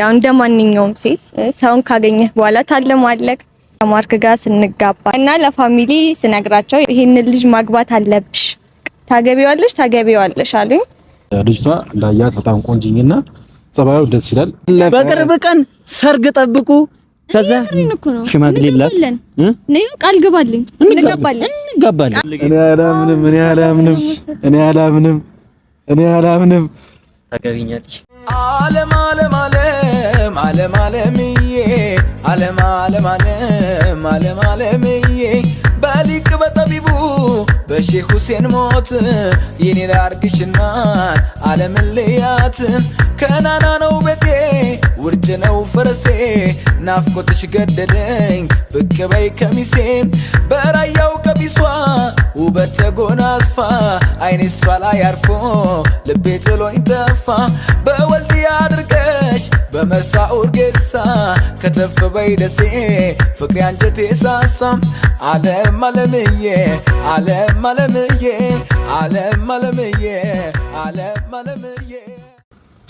ያው እንደ ማንኛውም ሴት ሰውን ካገኘህ በኋላ ታለማለህ። ከማርክ ጋር ስንጋባ እና ለፋሚሊ ስነግራቸው ይሄንን ልጅ ማግባት አለብሽ፣ ታገቢዋለሽ፣ ታገቢዋለሽ አሉኝ። ልጅቷ እንዳያት በጣም ቆንጅኝና ጸባዩ ደስ ይላል። በቅርብ ቀን ሰርግ ጠብቁ። ከዛ ሽማግሌ ነው ቃል ገባልኝ። እንጋባለን፣ እንጋባለን። እኔ አላምንም፣ እኔ አላምንም፣ እኔ አላምንም፣ እኔ አላምንም። ታገቢኛለሽ አለም አለም አለም አለም አለምዬ አለም አለም አለም አለም አለምዬ በሊቅ በጠቢቡ በሼህ ሁሴን ሞት የኔን አርግሽና ዓለምን ልያት ከናና ነው ቤቴ ውርጭ ነው ፈረሴ ናፍቆትሽ ገደደኝ ብቅ በይ ከሚሴ በራያው ቀሚሷ ውበት ተጎናጽፋ አይኔ እሷ ላይ አርፎ ልቤ ጥሎኝ ጠፋ በወልድያ አድርገሽ በመሳ ኡርጌሳ ከተፍ በይ ደሴ ፍቅሪ አንጀቴ ሳሳም አለም አለምዬ አለም አለምዬ አለም አለምዬ አለም አለምዬ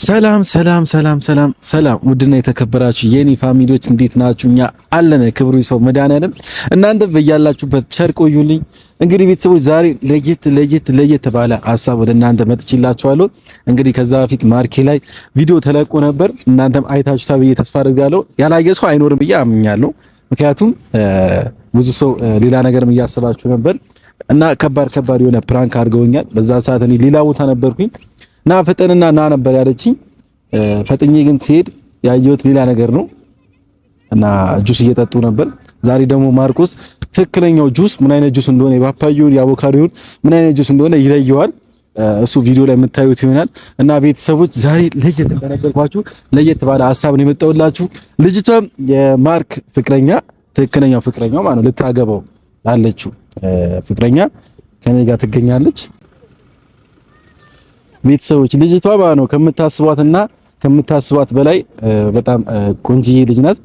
ሰላም ሰላም ሰላም ሰላም ሰላም፣ ውድና የተከበራችሁ የኔ ፋሚሊዎች እንዴት ናችሁ? እኛ አለን። ክብሩ ይሰው መድኃኒዓለም እናንተ በያላችሁበት ቸር ቆዩልኝ። እንግዲህ ቤተሰቦች ዛሬ ለየት ለየት ለየት ባለ ሀሳብ ወደ እናንተ መጥቼላችኋለሁ። እንግዲህ ከዛ በፊት ማርኬ ላይ ቪዲዮ ተለቆ ነበር። እናንተም አይታችሁታ ብዬ ተስፋ አድርጋለሁ። ያላየ ሰው አይኖርም ብዬ አምኛለሁ። ምክንያቱም ብዙ ሰው ሌላ ነገርም እያሰባችሁ ነበር እና ከባድ ከባድ የሆነ ፕራንክ አድርገውኛል። በዛ ሰዓት እኔ ሌላ ቦታ ነበርኩኝ ና ፈጠንና ና ነበር ያለችኝ። ፈጥኜ ግን ሲሄድ ያየሁት ሌላ ነገር ነው እና ጁስ እየጠጡ ነበር። ዛሬ ደግሞ ማርቆስ ትክክለኛው ጁስ ምን አይነት ጁስ እንደሆነ የፓፓዩን የአቮካዶውን ምን አይነት ጁስ እንደሆነ ይለየዋል። እሱ ቪዲዮ ላይ የምታዩት ይሆናል እና ቤተሰቦች ዛሬ ለየት በነበርኳችሁ ለየት ባለ ሀሳብ ነው የመጣሁላችሁ። ልጅቷም የማርክ ፍቅረኛ ትክክለኛው ፍቅረኛው ማለት ልታገባው ላለችው ፍቅረኛ ከኔ ጋር ትገኛለች። ቤተሰቦች ልጅቷ ባ ነው ከምታስቧትና ከምታስቧት በላይ በጣም ቆንጂዬ ልጅ ናት።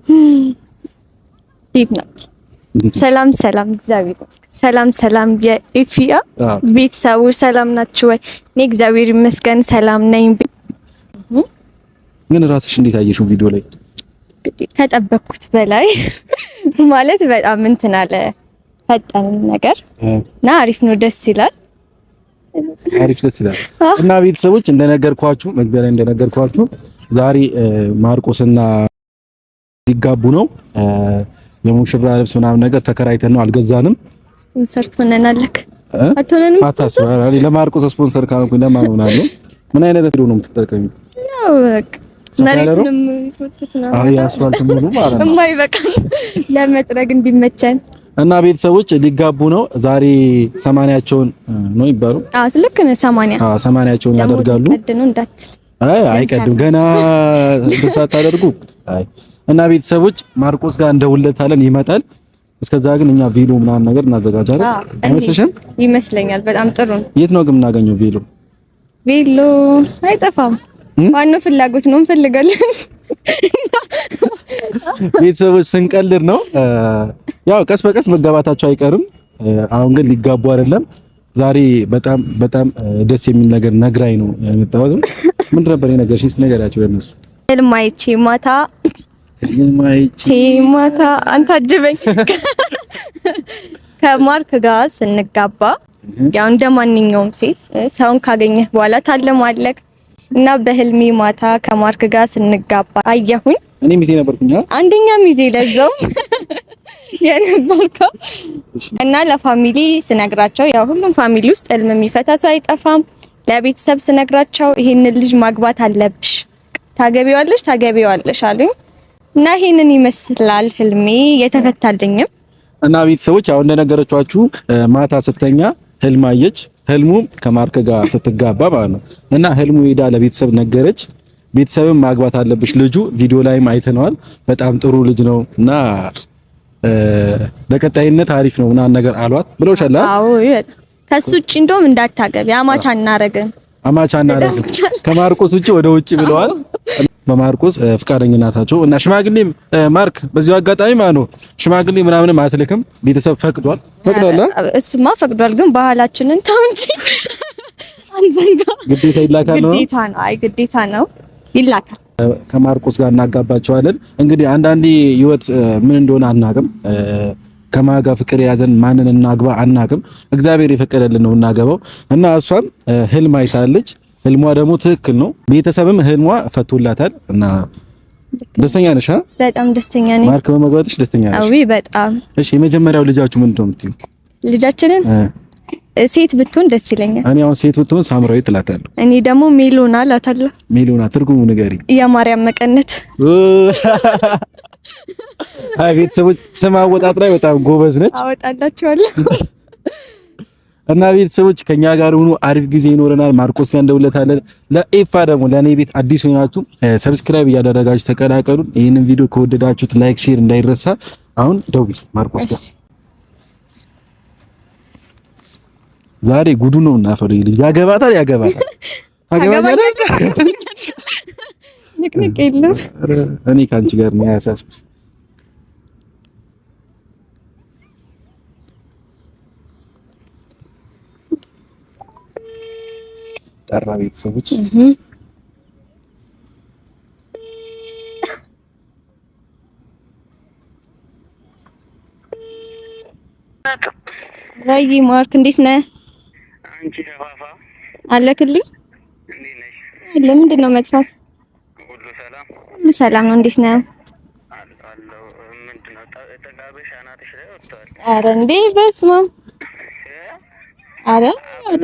ሰላም ሰላም፣ እግዚአብሔር ይመስገን። ሰላም ሰላም፣ የኢፊያ ቤተሰቦች ሰላም ናችሁ ወይ? እኔ እግዚአብሔር ይመስገን ሰላም ነኝ። ግን ራስሽ እንዴት አየሽው ቪዲዮ ላይ? ከጠበቅኩት በላይ ማለት በጣም እንትን አለ ፈጠን ነገር እና አሪፍ ነው፣ ደስ ይላል አሪፍ ደስ ይላል። እና ቤተሰቦች እንደነገርኳችሁ መግቢያ ላይ እንደነገርኳችሁ ዛሬ ማርቆስና ሊጋቡ ነው። የሙሽራ ልብስ ምናምን ነገር ተከራይተን ነው አልገዛንም። ስፖንሰር ትሆነናለህ አትሆነንም? አታስብ። ለማርቆስ ስፖንሰር ካልኩኝ ለማን ሆናለሁ? ምን አይነት ነገር ነው የምትጠቀሚው? ያው በቃ መሬቱንም ይወጡት ነው። አይ አስፋልት ሙሉ ማለት ነው። የማይበቃ ለመጥረግ እንዲመቸን እና ቤተሰቦች ሊጋቡ ነው ዛሬ ሰማንያቸውን ነው ይባሉ። አዎ ልክ ነው፣ ሰማንያ አዎ፣ ሰማንያቸውን ያደርጋሉ። አይ አይቀድም ገና አደርጉ። አይ እና ቤተሰቦች ማርቆስ ጋር እንደውለታለን ይመጣል። እስከዛ ግን እኛ ቪሎ ምናምን ነገር እናዘጋጃለን። አይመስልሽም? ይመስለኛል። በጣም ጥሩ ነው። የት ነው ግን የምናገኘው ቪሎ? ቬሎ አይጠፋም። ዋናው ፍላጎት ነው፣ እንፈልጋለን ቤተሰቦች ስንቀልድ ነው። ያው ቀስ በቀስ መጋባታቸው አይቀርም። አሁን ግን ሊጋቡ አይደለም። ዛሬ በጣም በጣም ደስ የሚል ነገር ነግራኝ ነው የመጣሁት። ምን ነበር የነገርሽኝ? እስኪ ንገሪያቸው ለእነሱ። ህልም አይቼ ማታ ህልም አይቼ ማታ አንተ አጅበኝ ከማርክ ጋር ስንጋባ ያው እንደማንኛውም ሴት ሰውን ካገኘህ በኋላ ታለማለህ እና በህልሜ ማታ ከማርክ ጋር ስንጋባ አየሁኝ። እኔ ሚዜ ነበርኩኝ፣ አንደኛ ሚዜ ለዛው የነበርከው እና ለፋሚሊ ስነግራቸው ያው ሁሉም ፋሚሊ ውስጥ ህልም የሚፈታ ሰው አይጠፋም። ለቤተሰብ ስነግራቸው ይሄንን ልጅ ማግባት አለብሽ፣ ታገቢዋለሽ፣ ታገቢዋለሽ አሉኝ እና ይሄንን ይመስላል ህልሜ የተፈታልኝም እና ቤተሰቦች አሁን እንደነገረቻችሁ ማታ ስተኛ ህልም አየች። ህልሙ ከማርክ ጋር ስትጋባ ማለት ነው። እና ህልሙ ሄዳ ለቤተሰብ ነገረች። ቤተሰብም ማግባት አለብሽ፣ ልጁ ቪዲዮ ላይም አይተነዋል፣ በጣም ጥሩ ልጅ ነው እና በቀጣይነት አሪፍ ነው ምናምን ነገር አሏት ብለውሻል። አዎ ከሱ ውጪ እንደውም እንዳታገቢ አማች አናረግም፣ አማቻ አናረግም ከማርቆስ ውጪ ወደ ውጪ ብለዋል። በማርቆስ ፍቃደኝነታቸው እና ሽማግሌ ማርክ በዚህ አጋጣሚ ማኑ ሽማግሌ ምናምንም አትልክም። ቤተሰብ ፈቅዷል ፈቅዷል። እሱማ ፈቅዷል፣ ግን ባህላችንን ተው እንጂ አንዘንጋ። ግዴታ ይላካል ነው ግዴታ ነው። አይ ግዴታ ነው ይላካል። ከማርቆስ ጋር እናጋባቸዋለን። እንግዲህ አንዳንዴ ህይወት ምን እንደሆነ አናቅም። ከማጋ ፍቅር የያዘን ማንን እናግባ አናቅም። እግዚአብሔር የፈቀደልን ነው እናገባው እና እሷም ህልም አይታለች ህልሟ ደግሞ ትክክል ነው። ቤተሰብም ህልሟ ፈቶላታል እና ደስተኛ ነሽ? በጣም ደስተኛ ነኝ። ማርክ በመግባትሽ ደስተኛ ነሽ? አዊ በጣም። እሺ የመጀመሪያው ልጃችሁ ምንድነው የምትይው? ልጃችንን ሴት ብትሆን ደስ ይለኛል። እኔ አሁን ሴት ብትሆን ሳምራዊት እላታለሁ። እኔ ደግሞ ሜሎና እላታለሁ። ሜሎና ትርጉሙ ንገሪኝ። የማርያም መቀነት። አይ ቤተሰቦች ስም አወጣጥ ላይ በጣም ጎበዝ ነች። አወጣላችኋለሁ እና ቤተሰቦች ከኛ ጋር ሆኖ አሪፍ ጊዜ ይኖረናል። ማርቆስ ጋር እንደውለታለን። ለኤፋ ደግሞ ለኔ ቤት አዲስ ሆናችሁ ሰብስክራይብ እያደረጋችሁ ተቀላቀሉ። ይህንን ቪዲዮ ከወደዳችሁት ላይክ፣ ሼር እንዳይረሳ። አሁን ደውል ማርቆስ ጋር ዛሬ ጉዱ ነው እና ፈሪ ልጅ ያገባታል፣ ያገባታል፣ ታገባኛለህ። ንቅንቅ የለም። እኔ ከአንቺ ጋር ነው ያሳስብሽ ጠራ። ቤተሰቦች ዛይ ማርክ እንዴት ነህ? አንቺ ፋፋ አለክልኝ። ለምንድን ነው መጥፋት? ሁሉ ሰላም ሁሉ ሰላም ነው። እንዴት ነህ? አረ እንዴ በስመ አረ ኧረ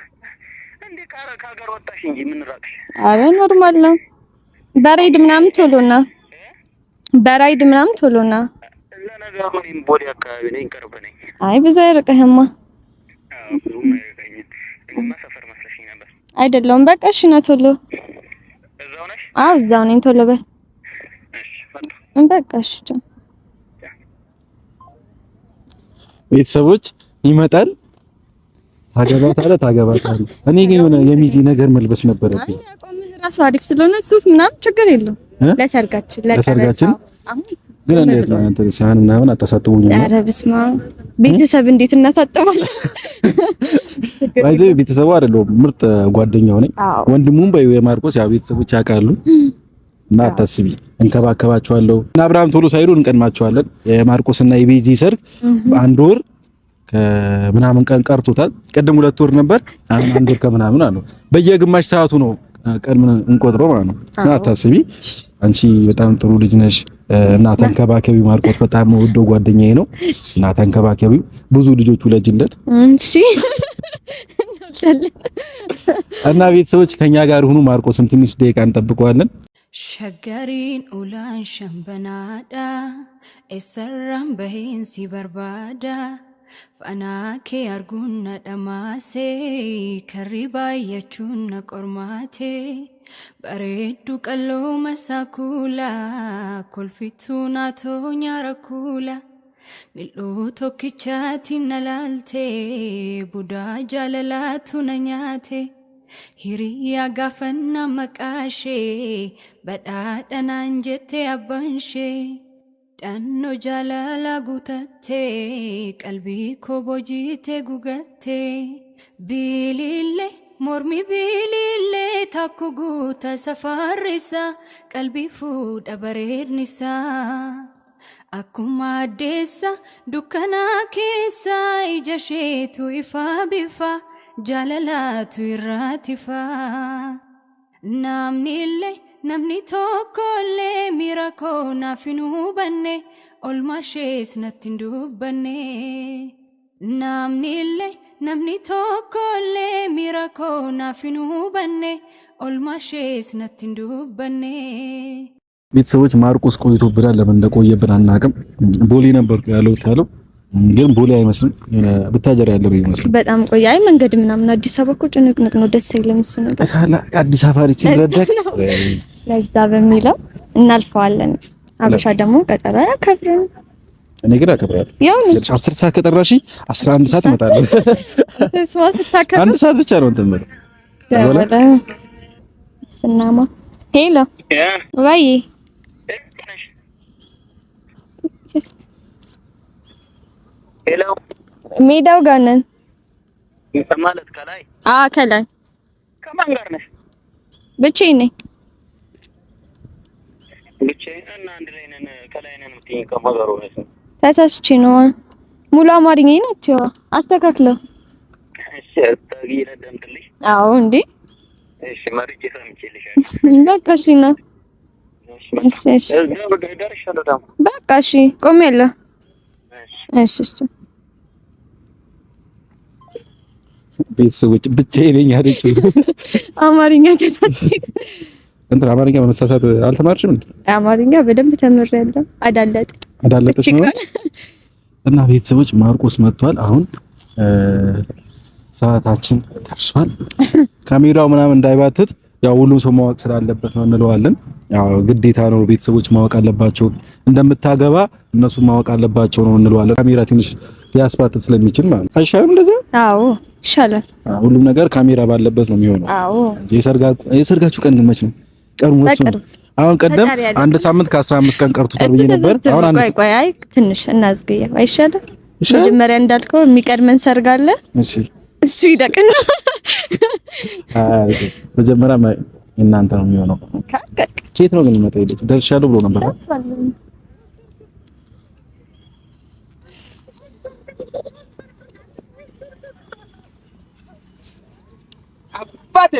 አረ ኖርማል ነው። በራይድ ምናምን ቶሎና በራይድ ምናምን ቶሎና ለነገሩ አይ ብዙ አይርቅህማ። አይደለውም በቃ እሺ፣ ነው። ቶሎ። አው እዛው ነኝ። ቶሎ በል በቃ እሺ። ቤተሰቦች ይመጣል ታገባት አለ ታገባት አለ። እኔ ግን የሆነ የሚዜ ነገር መልበስ ነበረብኝ። ራሱ አሪፍ ስለሆነ ሱፍ ምናምን ችግር የለው። ለሰርጋችን ለሰርጋችን። ግን እንዴት ነው አንተ ሳህን ምናምን አታሳጥሙኝ? ኧረ በስመ አብ ቤተሰብ እንዴት እናሳጥማለን? ባይዘ ቤተሰቡ አይደለሁም ምርጥ ጓደኛው ነኝ። ወንድሙም ባዩ የማርቆስ ያው ቤተሰቦች ያውቃሉ። እና አታስቢ፣ እንከባከባቸዋለሁ። እና አብርሃም ቶሎ ሳይሉ እንቀድማቸዋለን። የማርቆስና የቤዚ ሰርግ አንድ ወር ከምናምን ቀን ቀርቶታል። ቅድም ሁለት ወር ነበር፣ አሁን አንድ ወር ከምናምን አለው። በየግማሽ ሰዓቱ ነው ቀን እንቆጥረው ማለት ነው። አታስቢ አንቺ በጣም ጥሩ ልጅ ነሽ እና ተንከባከቢ። ማርቆስ በጣም ወደው ጓደኛዬ ነው እና ተንከባከቢ፣ ብዙ ልጆች ውለጅለት እሺ። እና ቤተሰቦች ከኛ ጋር ሁኑ። ማርቆስን ትንሽ ደቂቃ እንጠብቀዋለን። ሸገሪን ኡላን ሸምበናዳ ኤሰራን በሄን ሲበርባዳ Fanaa kee arguun na dhamaasee karri baay'achuun na qormaatee bareedduu qallooma isaa kuula kolfituu naatoo nyaara kuula tokkichaa tiin na laaltee budaa jaalalaatu na nyaate. Hiriyaa gaafannaa maqaashee ishee badhaadha naan Dhannoo jaalala guuttattee qalbii koboojite gugattee biliillee mormi illee takku guuta safarrisaa qalbii fudhaa bareednisaa akkuma addeessa dukkanaa keessa ija isheetu ifaa bifa jaalalaatu irraa tifaa illee namni tokkollee. Jara koo naaf hin hubanne olmaa ishees natti hin dubbanne. Namni illee namni tokko illee miira koo naaf hin hubanne olmaa ishees natti hin dubbanne. ቤተሰቦች ማርቆስ ቆይቶብናል። ለምን እንደቆየብን አናውቅም። ቦሌ ነበርኩ ያለሁት ያለው ግን ቦሌ አይመስልም ብታጀራ ያለው ይመስል በጣም ቆየ። አይ መንገድ ምናምን አዲስ አበባ እኮ ጭንቅንቅ ነው፣ ደስ አይልም እሱ ነገር አዲስ አበባ ለዛ በሚለው እናልፈዋለን። አበሻ ደግሞ ቀጠሮ አያከብርም። እኔ ግን አከብራለሁ። ያው ልጅ 10 ሰዓት ከጠራሽ 11 ሰዓት እመጣለሁ። አንድ ሰዓት ብቻ ነው እንትን ማለት ነው። ስናማ ሄሎ ወይ ሄሎ ሜዳው ጋር ነን ማለት ከላይ ከማን ጋር ነሽ? ብቻዬን ነኝ። ተሳስቼ ነው። ሙሉ አማርኛ ነች። አስተካክለው። እሺ አዎ እንዴ። እሺ በቃ እሺ ነው። እሺ እሺ። እሺ እሺ ቤተሰቦች ብቻ ነኝ አማርኛ ተሳስቼ እንትን አማርኛ በመሳሳት አልተማርሽም? አማርኛ በደንብ ተምሬያለሁ። አዳለጥ አዳለጥሽ ነው። እና ቤተሰቦች ማርቆስ መጥቷል። አሁን ሰዓታችን ደርሷል። ካሜራው ምናምን እንዳይባትት ያው ሁሉም ሰው ማወቅ ስላለበት ነው እንለዋለን። ያው ግዴታ ነው፣ ቤተሰቦች ማወቅ አለባቸው። እንደምታገባ እነሱ ማወቅ አለባቸው ነው እንለዋለን። ካሜራ ትንሽ ሊያስባትት ስለሚችል ማለት ነው። አይሻልም? እንደዛ አዎ፣ ይሻላል። ሁሉም ነገር ካሜራ ባለበት ነው የሚሆነው። አዎ። የሰርጋችሁ ቀን መች ነው? ቀኑ ወስኑ። አሁን ቀደም አንድ ሳምንት ከአስራ አምስት ቀን ቀርቶታል ብዬ ነበር። አሁን አንድ ቆይ ቆይ፣ አይ ትንሽ እናዝገየው አይሻልም? መጀመሪያ እንዳልከው የሚቀድመን ሰርግ አለ። እሺ እሱ ይደቅና መጀመሪያ እናንተ ነው የሚሆነው። ኬት ነው ግን መጣ ይለች ደርሻለሁ ብሎ ነበር። አባቴ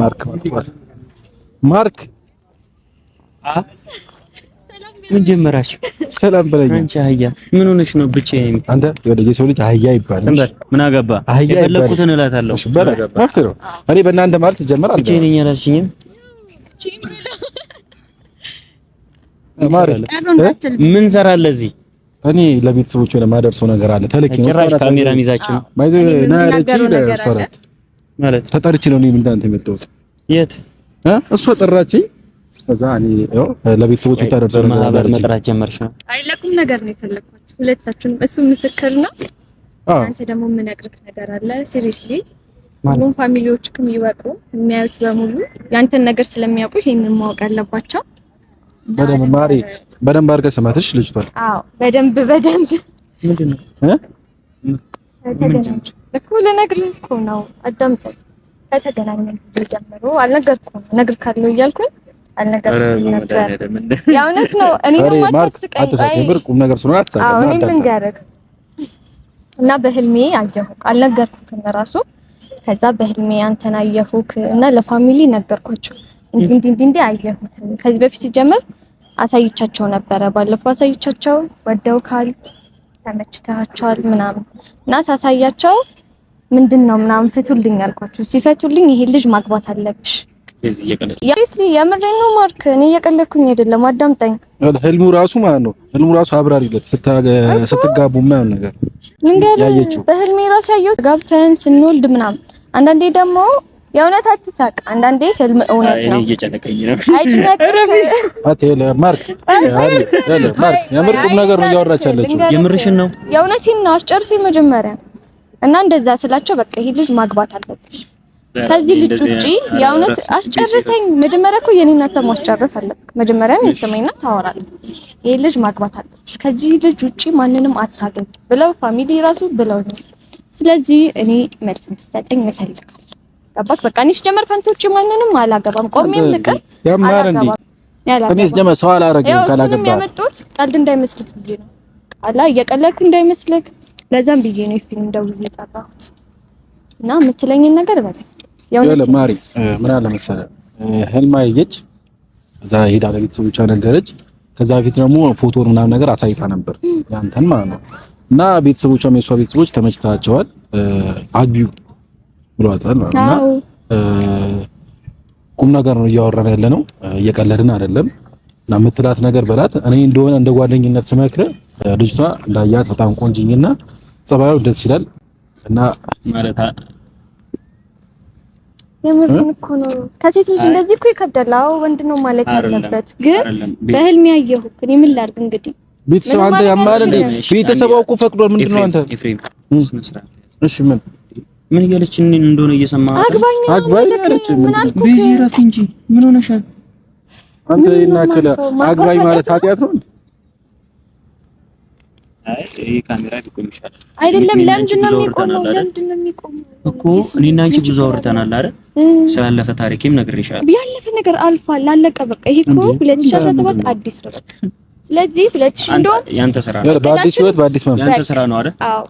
ማርክ መጥቷል። ማርክ ምን ጀመራችሁ? ሰላም በለኝ። አንቺ አህያ ምን ሆነሽ ነው? ብቻዬን አንተ ወደ የሰው ልጅ አህያ ይባላል። ዝም በል ምን አገባ? የፈለኩትን እላታለሁ። መብት ነው። እኔ በእናንተ ማለት ይጀምራል። ብቻዬን ነኝ አላልሽኝም? ምን ሰራለህ እዚህ? እኔ ለቤተሰቦች የማደርሰው ነገር አለ። ተልኬ ነው። ካሜራ ይዛችሁ ማለት ተጠርቼ ነው እኔም እንዳንተ የመጣሁት። የት እ እሷ ጠራችኝ። ከዛ እኔ ያው ለቤተሰቦች ተደረደረ ነው ማህበር መጥራት ጀመርሽ። አይ ለቁም ነገር ነው የፈለኳችሁ ሁለታችሁም። እሱ ምስክር ነው። አንተ ደግሞ የምነግርህ ነገር አለ። ሲሪየስሊ ሁሉም ፋሚሊዎች ይወቁ፣ የሚያዩት በሙሉ ያንተን ነገር ስለሚያውቁ ይሄንን ማወቅ አለባቸው። በደንብ ማሪ፣ በደንብ አድርገህ ስማትሽ ልጅቷል። አዎ በደንብ በደንብ ምንድን ነው እ እኮ ልነግርህ እኮ ነው። አዳምጠኝ። ከተገናኘን ጊዜ ጀምሮ አልነገርኩም። ነግር ካለው እያልኩኝ እና በህልሜ አየሁህ። አልነገርኩትም ከዛ በህልሜ አንተን እና ለፋሚሊ ነገርኳቸው። እንዲህ እንዲህ እንዲህ አየሁት። ከዚህ በፊት ሲጀምር አሳይቻቸው ነበረ። ባለፈው አሳይቻቸው ወደውካል ተመችተሃቸዋል ምናምን እና ሳሳያቸው ምንድን ነው ምናምን ፍቱልኝ አልኳቸው። ሲፈቱልኝ ይሄ ልጅ ማግባት አለብሽ ያስሊ የምሬን ነው ማርክ፣ እኔ እየቀለድኩኝ አይደለም፣ አዳምጠኝ። ህልሙ ራሱ ማለት ነው ህልሙ ራሱ አብራሪለት ስትጋቡ ምናምን ነገር ልንገርህ፣ በህልሜ ራሱ ያየሁት ጋብተን ስንወልድ ምናምን አንዳንዴ ደግሞ የእውነት አትሳቅ። አንዳንዴ ህልም እውነት ነው። እየጨነቀኝ ነው። የምር ነገር ነው እያወራች ያለችው። የምርሽን ነው? የእውነቴን ነው። አስጨርሰኝ መጀመሪያ እና እንደዛ ስላቸው በቃ ይሄ ልጅ ማግባት አለብሽ ከዚህ ልጅ ውጪ የእውነት አስጨርሰኝ። መጀመሪያ እኮ የኔን ሀሳብ ማስጨርስ አለብህ። መጀመሪያ ነው የሰማኝና ታወራለህ። ይሄ ልጅ ማግባት አለብሽ፣ ከዚህ ልጅ ውጪ ማንንም አታገኝ ብለው ፋሚሊ ራሱ ብለው ስለዚህ እኔ መልስ እንድትሰጠኝ እፈልጋለሁ። ጠባቅ በቃ እኔ ስጀመር ከንቶች ማንንም አላገባም። ቆሜም ልቅር ያማር እንዴ እኔ ስጀመር ሰው አላረገም። ካላገባ ያው ያመጡት ቀልድ እንዳይመስልክ ብዬ ነው አላ እየቀለድኩ እንዳይመስልክ ለዛም ብዬ ነው ፊልም ደውዬ የጠራሁት እና የምትለኝን ነገር በቃ ያው ማሪ ምን አለ መሰለ ህልማ ይጭ እዛ ሄዳ ለቤተሰቦቿ ነገረች። ከዛ በፊት ደግሞ ፎቶ ምናምን ነገር አሳይታ ነበር ያንተን ማለት ነው እና ቤተሰቦቿም የሷ ቤተሰቦች ተመችታቸዋል አግቢው ብሏታል እና ቁም ነገር ነው እያወራን ያለ ነው፣ እየቀለድን አይደለም። እና የምትላት ነገር በላት። እኔ እንደሆነ እንደ ጓደኝነት ስመክር ልጅቷ እንዳያት በጣም ቆንጅኝና ጸባዩ ደስ ይላል እና ማለት የምርን እኮ ነው። ከሴት ልጅ እንደዚህ እኮ ይከብዳል። አዎ ወንድ ነው ማለት ያለበት ግን በህልም ያየሁ እኔ ምን ላድርግ እንግዲህ። ቤተሰብ አንተ ያማል እንዴ? ቤተሰቧ እኮ ፈቅዶ ምንድን ነው አንተ? እሺ ምን ምን እያለች እንደሆነ እየሰማ አግባኝ ነው ቢዚ እንጂ ምን ሆነሻል? አንተ ይናከለ አግባኝ ማለት ኃጢአት ነው። አይደለም ለምንድን ነው የሚቆመው? ለምንድን ነው የሚቆመው እኮ እኔና አንቺ ብዙ አውርተናል አይደል? ስላለፈ ታሪኬም ነግሬሻለሁ። ያለፈ ነገር አልፏል፣ አለቀ በቃ። ይሄ እኮ 2017 አዲስ ነው በቃ። ስለዚህ 2000 እንደውም ያንተ ስራ ነው፣ በአዲስ ህይወት በአዲስ መንፈስ ያንተ ስራ ነው አይደል? አዎ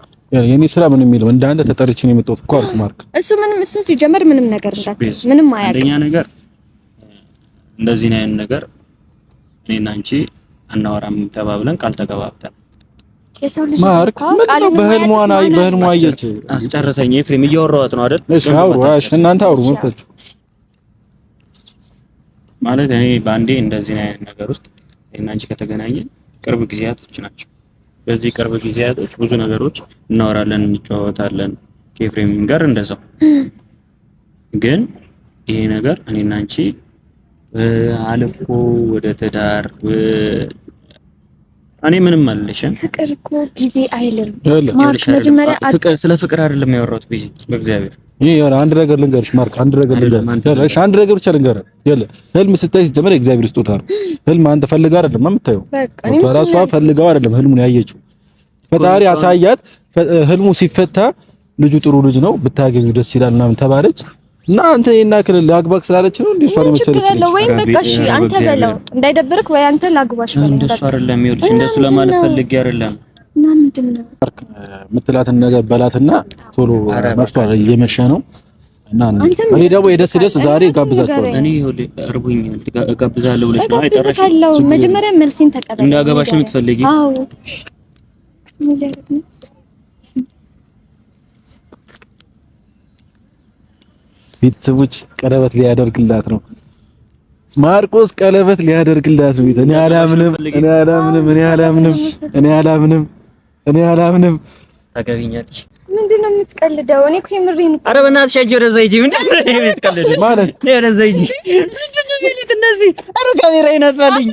የኔ ስራ ምን የሚለው እንደ አንተ ተጠርቼ ነው የመጣሁት እኮ አልኩህ። ማርክ እሱ ምንም እሱ ሲጀመር ምንም ነገር እንዳትል ምንም አያውቅም። አንደኛ ነገር እንደዚህ ነው ያን ነገር እኔና አንቺ አናወራም ተባብለን ቃል ተገባብተን ማርክ ምን ነው በህልሟ ናይ በህልሟ አየች። አስጨርሰኝ ኤፍሬም፣ እያወራኋት ነው አይደል? እሺ አውሩ። እሺ እናንተ አውሩ መብታችሁ። ማለት እኔ በአንዴ እንደዚህ ነው ያን ነገር ውስጥ እኔና አንቺ ከተገናኘን ቅርብ ጊዜያቶች ናቸው በዚህ ቅርብ ጊዜያቶች ብዙ ነገሮች እናወራለን፣ እንጨዋወታለን ከኤፍሬምም ጋር እንደዛው። ግን ይሄ ነገር እኔና አንቺ አልፎ ወደ ትዳር እኔ ምንም አልልሽም። ፍቅር እኮ ጊዜ አይልም። ማርክ መጀመሪያ ፍቅር ስለ ፍቅር አይደለም ያወራሁት ጊዜ በእግዚአብሔር ይሄ አንድ ነገር ልንገርሽ ማርክ፣ አንድ ነገር ልንገርሽ፣ እሺ፣ አንድ ነገር ብቻ ልንገርህ። ህልም ስታይ ጀመረ እግዚአብሔር ስጦታ ነው። ህልም አንተ ፈልጋ አይደለም የምታየው፣ ራሷ ፈልጋው አይደለም ህልሙን ያየችው። ፈጣሪ አሳያት። ህልሙ ሲፈታ ልጁ ጥሩ ልጅ ነው ብታገኙ ደስ ይላል ምናምን ተባለች። እና አንተ እና ክልል ላግባክ ስላለች ነው እንዴ? ሷሪ መሰለች ነው ወይ? በቃ እሺ፣ አንተ በለው እንዳይደብርክ ወይ አንተ ላግባሽ ነው። ሷሪ አይደለም፣ ይኸውልሽ፣ እንደሱ ለማለት ፈልጌ አይደለም። እና ምንድነው የምትላትን ነገር በላትና ቶሎ መርቷ እየመሸ ነው። እና እኔ ደግሞ የደስ ደስ ዛሬ ጋብዛቸዋለሁ። እኔ ይኸውልሽ፣ እርቦኛል ጋብዛለሁ ብለሽ ነው አይጠራሽ። መጀመሪያ መልሲን ተቀበል። እንዳገባሽ የምትፈልጊ አዎ ቤተሰቦች ቀለበት ሊያደርግላት ነው። ማርቆስ ቀለበት ሊያደርግላት ነው። እኔ አላምንም፣ እኔ አላምንም፣ እኔ አላምንም፣ እኔ አላምንም፣ እኔ አላምንም። ታገቢኛለሽ። ምንድን ነው የምትቀልደው? እኔ እኮ የምሬን ነው። ኧረ በእናትሽ ሂጂ ወደዛ ሂጂ። ምንድን ነው የምትቀልደው ማለት ነው? ወደዛ ሂጂ። እነዚህ ኧረ ካሜራ ይናጥፋልኝ።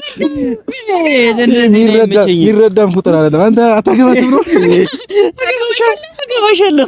የሚረዳም ቁጥር አይደለም። አንተ አታገባትም ነው? አገባሻለሁ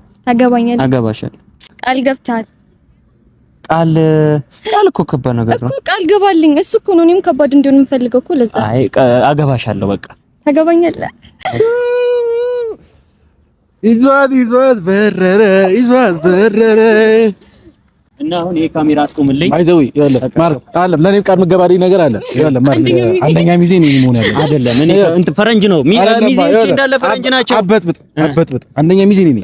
አገባኛል። አገባሻል፣ ቃል ገብታል። ቃል ቃል እኮ ከባድ ነገር ነው እኮ ቃል ገባልኝ። እሱ እኮ ነው እኔም ከባድ እንዲሆን የምፈልገው እኮ ለዛ። አይ አገባሻለሁ፣ በቃ ታገባኛለህ። ይዟት ይዟት በረረ፣ ይዟት በረረ። እና አሁን ይሄ ካሜራ አስቆምልኝ። አይዘው ያለ ማር አለ ለኔም ቃል መገባሪ ነገር አለ ማር አንደኛ ነው አይደለም። እኔ ፈረንጅ ነው እንዳለ ፈረንጅ ናቸው። አንደኛ ነው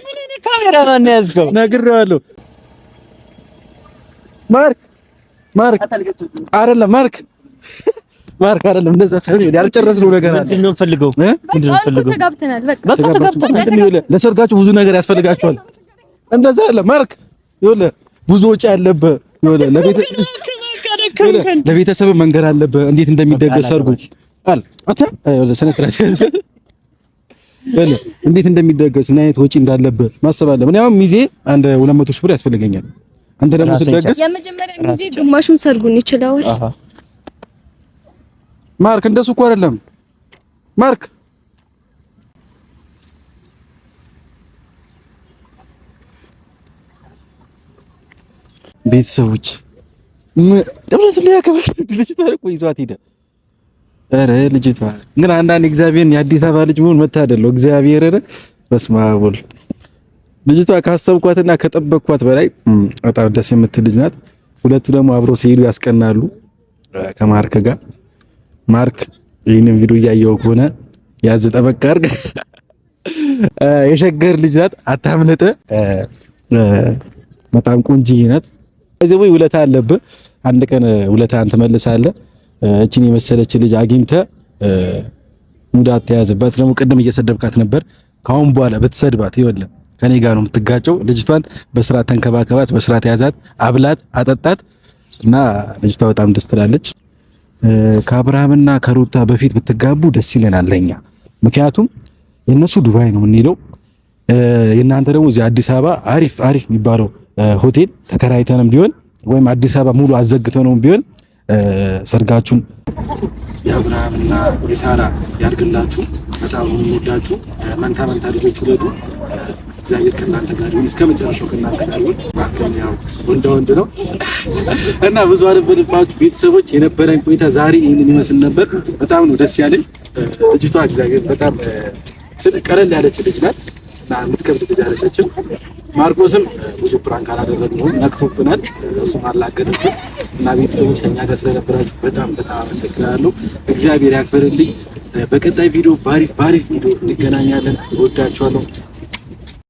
ካሜራ ማን ያዝከው? ነግሬዋለሁ። ማርክ ማርክ አይደለም ማርክ ማርክ አይደለም። እንደዛ ሳይሆን ይኸውልህ ያልጨረስነው ነገር አለ። ምንድን ነው የምፈልገው? ምንድን ነው የምፈልገው? ተጋብተናል። በቃ ተጋብተናል። ይኸውልህ ለሰርጋችሁ ብዙ ነገር ያስፈልጋችኋል። እንደዛ አለ ማርክ። ይኸውልህ ብዙ ወጪ ያለብህ ይኸውልህ ለቤተ ለቤተሰብ መንገር አለብህ እንዴት እንደሚደገስ ሰርጉ አለ አታ ስነ ስርዓት በል እንዴት እንደሚደገስ ምን አይነት ወጪ እንዳለበት ማሰብ አለ። ምን ያውም ሚዜ አንድ 200 ሺህ ብር ያስፈልገኛል። አንተ ደግሞ ስትደገስ የመጀመሪያ ሚዜ ግማሹን ሰርጉን ይችላል። ማርክ እንደሱ እኮ አይደለም ማርክ ቤተሰቦች ደብረት ሊያከብር ልጅቷ እኮ ይዟት ሄደ። ኧረ ልጅቷ ግን አንዳንድ እግዚአብሔርን የአዲስ አበባ ልጅ መሆን መታደል ነው። እግዚአብሔር ኧረ በስመ አብ ወልድ። ልጅቷ ካሰብኳትና ከጠበቅኳት በላይ በጣም ደስ የምትል ልጅ ናት። ሁለቱ ደግሞ አብሮ ሲሄዱ ያስቀናሉ። ከማርክ ጋር ማርክ ይህንን ቪዲዮ እያየው ከሆነ ያዝ ጠበቅ አድርግ። የሸገር ልጅ ናት፣ አታምልጥ። በጣም ቆንጅዬ ናት። እዚህ ወይ ውለታ አለብህ። አንድ ቀን ውለታን ትመልሳለህ። እቺን የመሰለች ልጅ አግኝተ ሙድ አትያዝባት። ደግሞ ቅድም እየሰደብካት ነበር። ካሁን በኋላ ብትሰድባት ይወለ ከኔ ጋር ነው የምትጋጨው። ልጅቷን በስርዓት ተንከባከባት፣ በስርዓት ያዛት፣ አብላት፣ አጠጣት እና ልጅቷ በጣም ደስ ትላለች። ከአብርሃምና ከሩታ በፊት ብትጋቡ ደስ ይለናል ለኛ። ምክንያቱም የነሱ ዱባይ ነው የምንሄደው፣ የእናንተ ደግሞ እዚህ አዲስ አበባ አሪፍ አሪፍ የሚባለው ሆቴል ተከራይተንም ቢሆን ወይም አዲስ አበባ ሙሉ አዘግተነውም ቢሆን ሰርጋችሁን የአብርሃምና የሳራ ያድግላችሁ። በጣም የምንወዳችሁ መንታ መንታ ልጆች ሁለቱ እግዚአብሔር ከእናንተ ጋር ይሁን፣ እስከ መጨረሻው ከእናንተ ጋር ይሁን። ያው ወንድ ወንድ ነው እና ብዙ አለበድባችሁ ቤተሰቦች፣ የነበረን ቆይታ ዛሬ ይህንን ይመስል ነበር። በጣም ነው ደስ ያለኝ። ልጅቷ እግዚአብሔር በጣም ቀለል ያለች ልጅ ናት። የምትከብድ ልጅ አይደለችም። ማርቆስም ብዙ ፕራንክ አላደረግነውም፣ ነክቶብናል፣ እሱም አላገጥብን እና ቤተሰቦች ከኛ ጋር ስለነበራችሁ በጣም በጣም አመሰግናለሁ። እግዚአብሔር ያክብርልኝ። በቀጣይ ቪዲዮ ባሪፍ ባሪፍ ቪዲዮ እንገናኛለን። እወዳችኋለሁ።